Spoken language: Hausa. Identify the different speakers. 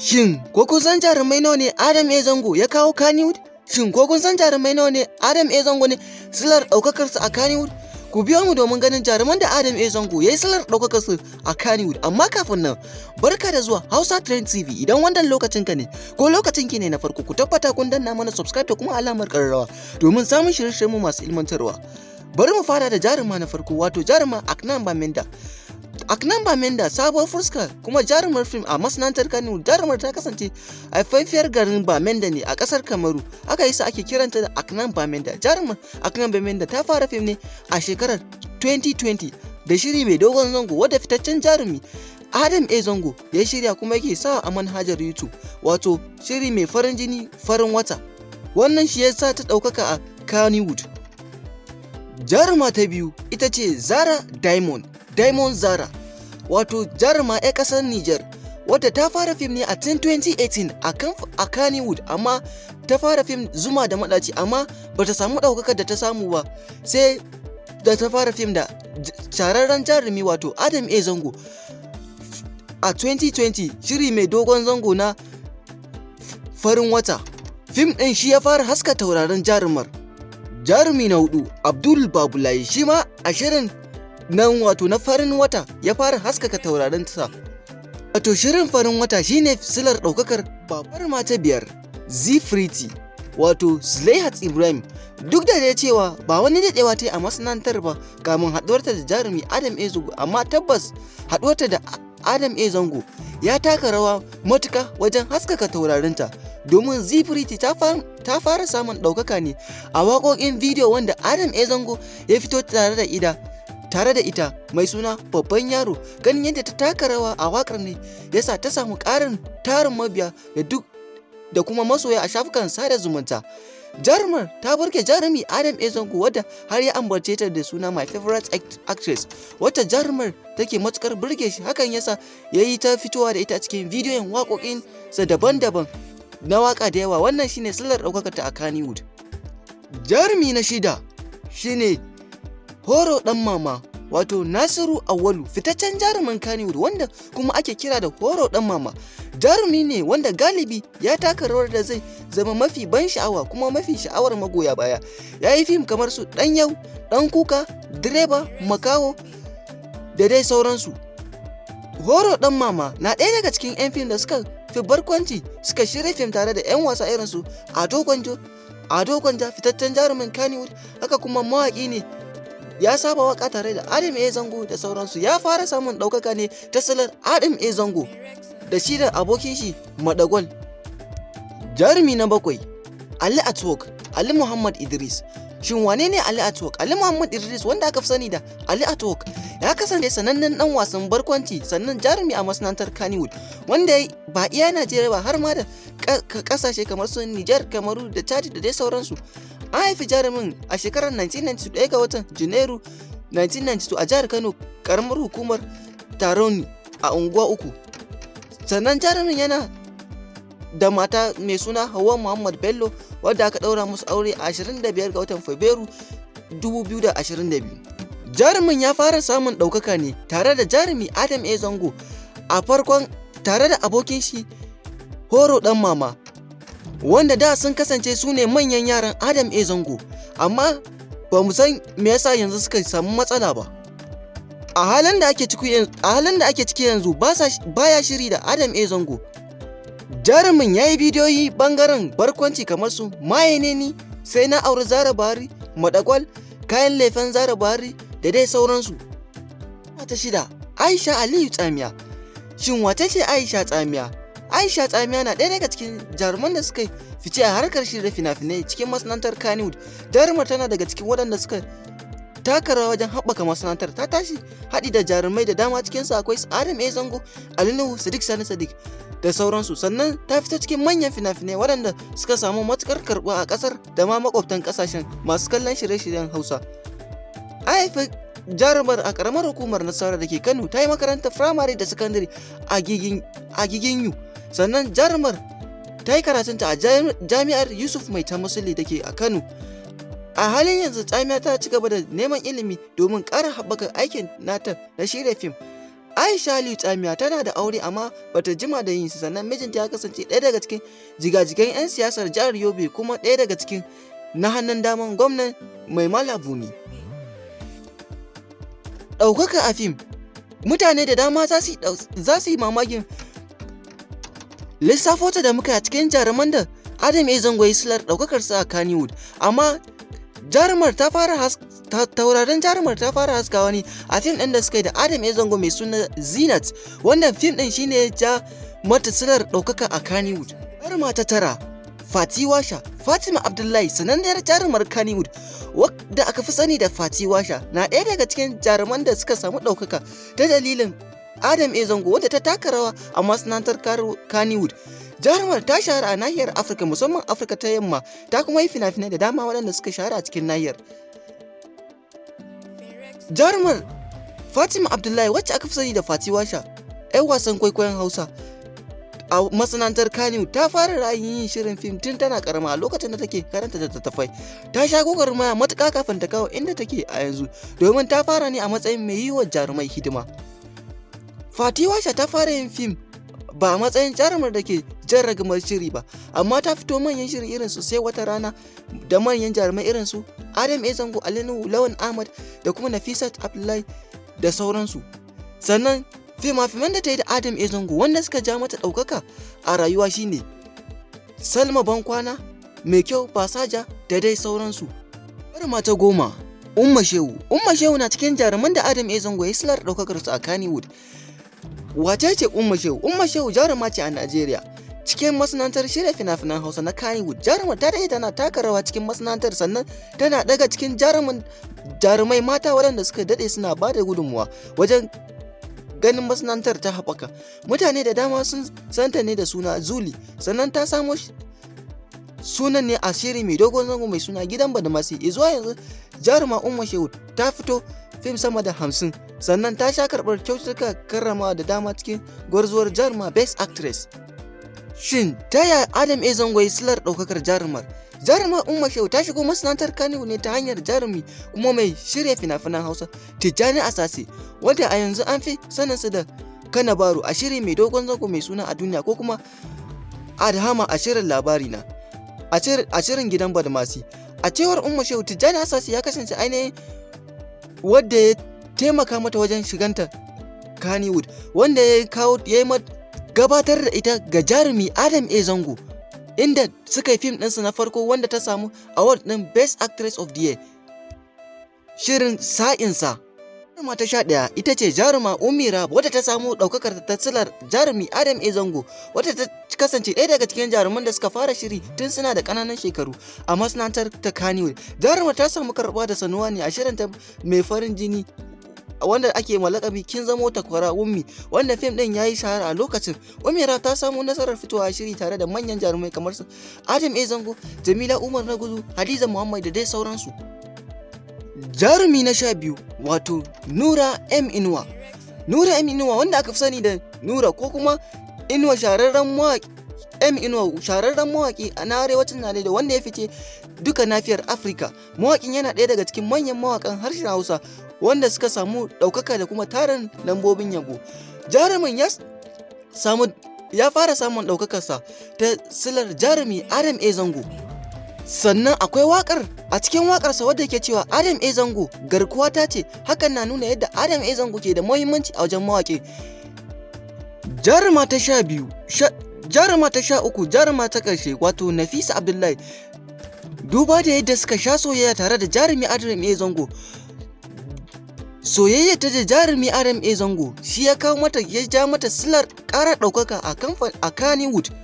Speaker 1: Shin ko kun san jarumai nawa ne Adam A Zango ya kawo Kannywood? Shin ko kun san jarumai nawa ne Adam A Zango ne silar ɗaukakarsa a Kannywood? Ku biyo mu domin ganin jaruman da Adam A Zango ya yi silar ɗaukakarsu a Kannywood. Amma kafin nan, barka da zuwa Hausa Trend TV idan wannan lokacin ka ne ko lokacin ki ne na farko ku tabbata kun danna mana subscribe da kuma alamar ƙararrawa domin samun shirye-shiryen mu masu ilmantarwa. Bari mu fara da jaruma na farko wato jaruma Aknan Baminda. ba Bamenda sabuwar fuska kuma jarumar fim a masana'antar kanu jarumar ta kasance a faifiyar garin Bamenda ne a kasar Kamaru aka yi sa ake kiranta da ba Bamenda jarumar Aknan Bamenda ta fara fim ne a shekarar 2020 da shiri mai dogon zango wadda fitaccen jarumi Adam A Zango ya shirya kuma yake sa a manhajar YouTube wato shiri mai farin jini farin wata wannan shi ya sa ta ɗaukaka a Kannywood. Jaruma ta biyu ita ce Zara Diamond Diamond Zara, wato jaruma 'ya ƙasar Nijar, Wata ta fara fim ne a 2018 a Kannywood, amma ta fara fim Zuma da Maɗaci, amma ba ta samu ɗaukakar da ta samu ba, sai da ta fara fim da shararren jarumi wato Adam A. Zango. A 2020, shiri mai dogon zango na farin wata, fim ɗin shi ya fara haska taurarin jarumar. Jarumi na hudu, Abdul Babulayi, shi ma a shirin nan wato na farin wata ya fara haskaka sa. wato shirin farin wata shine silar ɗaukakar babar mata biyar zifriti wato Zulaihat Ibrahim duk da dai cewa ba wani daɗewa ta yi a masana'antar ba kamun haɗuwarta da jarumi Adam A. amma tabbas haɗuwarta da Adam A. ya taka rawa matuka wajen haskaka taurarinta domin zifriti ta fara samun ɗaukaka ne a waƙoƙin bidiyo wanda Adam ezango ya fito tare da ida tare da ita mai suna babban yaro ganin yadda ta taka rawa a wakar ne yasa ta samu karin tarin mabiya da duk da kuma masoya a shafukan sada zumunta jarumar ta burge jarumi adam ezonku wadda har ya ambace ta da suna my favorite actress wata jarumar take matukar burge shi hakan yasa ya yi ta fitowa da ita cikin bidiyon sa daban-daban na waka da yawa wannan shine sallar ɗaukaka ta a kannywood jarumi na shida shine horo dan mama wato nasiru awalu fitaccen jarumin kaniwood wanda kuma ake kira da horo dan mama jarumi ne wanda galibi ya taka rawar da zai zama mafi ban sha'awa kuma mafi sha'awar magoya baya ya yi fim kamar su dan yau dan kuka direba makaho da dai sauransu horo dan mama na ɗaya daga cikin 'yan fim da suka fi barkwanci suka shirya fim tare da 'yan wasa irinsu a Ado Gwanja fitaccen jarumin Kannywood haka kuma mawaƙi ne ya saba waka tare da Adam A Zango da sauransu ya fara samun ɗaukaka ne ta salar Adam A Zango da shi da abokin shi Madagwal. Jarumi na bakwai Ali Atwok, Ali Muhammad Idris Shin wane ne Ali Atwok? Ali Muhammad Idris wanda aka fi sani da Ali Atwok ya kasance sanannen dan wasan barkwanci sannan jarumi a masanantar Kannywood wanda ya ba iya Najeriya ba har ma da kasashe kamar su Nijar, Kamaru da Chad da dai sauransu. An haifi jarumin a shekarar 1992 ga watan Janairu 1992 a jihar Kano karamar hukumar Taroni a unguwa uku. Sannan jarumin yana da mata mai suna Hawa Muhammad Bello wadda aka ɗaura musu aure a 25 ga watan Fabrairu 2022. Jarumin ya fara samun ɗaukaka ne tare da jarumi Adam A. Zango a farkon tare da abokin shi Horo ɗan mama wanda da sun kasance su ne manyan yaran Adam A. Zango, amma ba mu san me yasa yanzu suka samu matsala ba. A halin da ake ciki a halin da yanzu baya shiri da Adam A. Zango. Jarumin ya yi bidiyoyi bangaren barkwanci kamar su maye ni sai na auri zara bari madakwal kayan lefen zara bari da dai sauransu. Wata shida Aisha Aliyu Tsamiya. Shin wace ce Aisha Tsamiya? Aisha Tsamiya na ɗaya daga cikin jaruman da suka fice a harkar shirya fina-finai cikin masana'antar Kannywood. Jarumar tana daga cikin waɗanda suka taka rawa wajen haɓaka masana'antar ta tashi haɗi da jarumai da dama cikinsu akwai Adam A. Zango, Ali Nuhu, Sadiq Sani Sadiq da sauransu. Sannan ta fita cikin manyan fina-finai waɗanda suka samu matuƙar karɓuwa a ƙasar da ma maƙwabtan ƙasashen masu kallon shirye-shiryen Hausa. Aifa jarumar a ƙaramar hukumar nasara da ke Kano ta yi makarantar firamare da sakandare a gigin yu. sannan jarumar ta yi karatunta a jami'ar yusuf mai ta musuli da ke a kano a halin yanzu jami'a ta ci gaba da neman ilimi domin ƙara haɓaka aikin nata na shirya fim aisha aliyu tsamiya tana da aure amma bata jima da yin sannan mijinta ya kasance ɗaya daga cikin jigajigan 'yan siyasar jihar yobe kuma ɗaya daga cikin na hannun daman gwamnan mai malabu ne ɗaukaka a fim mutane da dama za su yi mamakin lissafota da muka a cikin jaruman da adam ya zango yi silar sa a kannywood amma jarumar ta fara tauraron jarumar ta fara haskawa ne a fim ɗin da suka yi da adam ya zango mai suna zinat wanda fim ɗin shine ya ja mata silar ɗaukaka a kannywood jaruma ta tara fati washa fatima abdullahi sanannen jarumar kannywood wadda aka fi sani da fati washa na ɗaya daga cikin jaruman da suka samu ɗaukaka ta dalilin adam a zango wadda ta taka rawa a masana'antar kannywood jarumar ta shahara a nahiyar afirka musamman afirka ta yamma ta kuma yi fina-finai da dama waɗanda suka shahara a cikin nahiyar jarumar fatima abdullahi wacce aka fi sani da fati washa 'yan wasan kwaikwayon hausa a masana'antar kaniyu ta fara ra'ayin yin shirin fim tun tana karama a lokacin da take karanta da tattafai. ta sha maya matuƙa kafin ta kawo inda take a yanzu domin ta fara ne a matsayin mai yi wa jarumai hidima Fatiwasha ta fara yin fim ba a matsayin jarumar da ke jan ragamar shiri ba amma ta fito manyan shiri irin su sai wata rana da manyan jarumai irin su Adam A Zango Lawan Ahmad da kuma Nafisat Abdullahi da sauransu sannan fima-fiman da ta yi da Adam Ezango wanda suka ja mata ɗaukaka a rayuwa shine Salma Bankwana mai kyau fasaja da dai sauransu mata goma Umma Shehu Umma na cikin jaruman da Adam ezango Zango ya silar ɗaukakar a Kannywood wace ce umma shehu umma shehu jaruma ce a najeriya cikin masanantar shirya fina-finan hausa na kanewood jaruma ta daɗe tana taka rawa cikin masanantar sannan tana daga cikin jarumai mata waɗanda suka dade suna ba da gudunmuwa wajen ganin masanantar ta haɓaka mutane da dama sun santa ne da suna zuli sannan ta samo sunan ne a shiri mai dogon zango mai suna gidan badamasi izuwa yanzu jaruma umma shehu ta fito fim sama da hamsin sannan ta sha karɓar kyaututtuka karrama da dama cikin gwarzuwar jarumar best actress shin ta yaya adam a zango silar ɗaukakar jarumar jarumar umma shehu ta shigo masana'antar kanihu ne ta hanyar jarumi kuma mai shirya fina-finan hausa tijjani asase wanda a yanzu an fi saninsa da kanabaru a shiri mai dogon zango mai suna a duniya ko kuma adhama a shirin labari na a shirin gidan badmasi a cewar umma shehu tijjani asasi ya kasance ainihin wadda ya taimaka mata wajen shiganta Kannywood wanda ya kawo ya yi gabatar da ita ga jarumi Adam A Zango inda suka yi fim ɗinsa na farko wanda ta samu award ɗin Best Actress of the Year. Shirin sa'insa. Jaruma ta sha ɗaya ita ce jaruma Umira wadda ta samu ɗaukakar tsilar jarumi Adam A Zango wadda ta kasance ɗaya daga cikin jaruman da suka fara shiri tun suna da ƙananan shekaru a masana'antar ta Kannywood. Jaruma ta samu karɓa da sanuwa ne a shirin ta mai farin jini wanda ake malakabi kin zamo takwara ummi wanda fim din yayi shahara a lokacin umira ta samu nasarar fitowa a shiri tare da manyan jarumai kamar su adam a zango jamila umar na gudu hadiza muhammad da dai sauransu jarumi na sha biyu wato nura m inuwa nura m inuwa wanda aka fi sani da nura ko kuma inuwa shahararren mawaƙi m inuwa shahararren mawaƙi a na arewacin najeriya wanda ya fice duka nafiyar afirka mawaƙin yana ɗaya daga cikin manyan mawakan harshen hausa wanda suka samu ɗaukaka da kuma tarin lambobin yabo jarumin ya samu ya fara samun ɗaukakarsa ta silar jarumi adam a zango sannan akwai wakar a cikin wakarsa wadda ke cewa adam a zango garkuwa ta ce hakan na nuna yadda adam a zango ke da muhimmanci a wajen mawaƙi jaruma ta sha biyu jaruma ta sha uku jaruma ta ƙarshe wato nafisa abdullahi duba da yadda suka sha soyayya tare da jarumi adam a zango soyayya ta da jarumi adam a zango shi ya kawo mata ya ja mata silar ƙara ɗaukaka a kanin wood